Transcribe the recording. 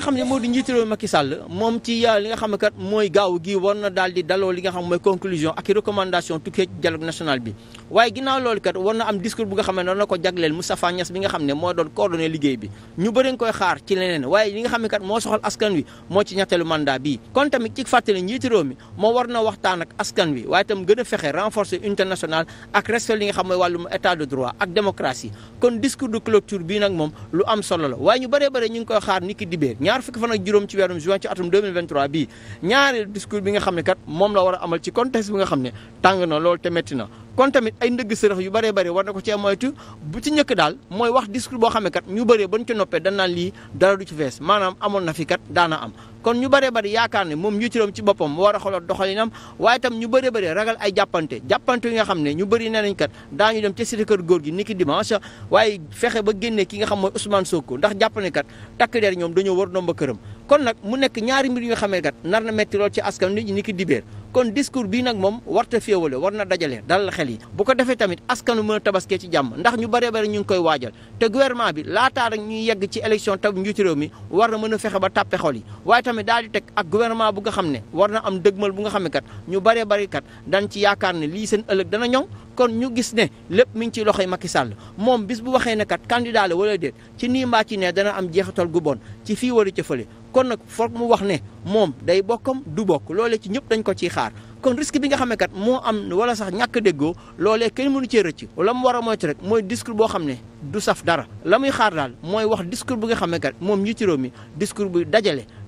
nga xam ne moo di njiitu moom ci li nga xam ne kat mooy gaaw gi war na daal di daloo nga xam mooy conclusion ak i recommandation tukkee ci dialogue national bi waaye ginnaaw loolu kat war na am discours bu nga xam ne ko jagleel Moustapha Niass bi nga xam ne moo doon coordonné liggéey bi ñu bëri nga koy xaar ci leneen waaye li nga xam ne kat moo soxal askan wi moo ci ñetteelu mandat bi kon tamit ci fàttali njiitu moo war na waxtaan ak askan wi waaye itam gën a fexe renforcer la waaye ñu bëree bëri ñaar fukki fan ak juróom ci weerum juin ci atum 2023 bii ñaareel discours bi nga xam ne kat moom la war amal ci contexte bi nga xam ne tàng na loolu te métti na kon tamit ay ndëgg sërëx yu bëree bëri war na ko cee moytu bu ci njëkk daal mooy wax discours boo xam kat ñu bëree bañ ci noppee dañ naan lii dara du ci fees maanaam amoon na fi kat daana am kon ñu bëree bëri yaakaar ne moom ñu réew mi ci boppam war a xoolal doxalinam waaye itam ñu bëree bëri ragal ay jàppante jàppante yi nga xam ne ñu bëri nee nañ kat ñu dem ca cité kër góor gi niki dimanche waaye fexe ba génne ki nga xam mooy Ousmane ko ndax jàpp kat takk der ñoom dañoo war nomba këram kon nag mu nekk ñaari mbir yoo xamee kat nar na métti ci askan wi ni ki dibéer kon discours bii nag moom war warta féewale war na dajale dalal xel yi bu ko defee tamit askanu mën a tabaskee ci jàmm ndax ñu bëree bëri ñu ngi koy waajal te guvernement bi laataa rek ñuy yegg ci élection tab njiitu réew mi war na mën a fexe ba tàppe xol yi waaye tamit daal di teg ak gouvernement bu nga xam ne war na am dëgmal bu nga xam ne kat ñu bëree bëri kat dañ ci yaakaar ne lii seen ëllëg dana ñoŋ kon ñu gis ne lépp mi ngi ci loxoy Macky Sall moom bis bu waxee ne kat candidat la wala déet ci nii mbaa ci ne dana am jeexatal gu bon ci fii wala ca fële kon nag foog mu wax ne moom day bokkam du bokk loole ci ñëpp dañ ko ciy xaar kon risque bi nga xam ne kat moo am wala sax ñàkk a déggoo loolee kenn mënu cee rëcc la mu war a moytu rek mooy discours boo xam ne du saf dara la muy xaar daal mooy wax discours bu nga xam ne kat moom ñi ci réew mi discours bu dajale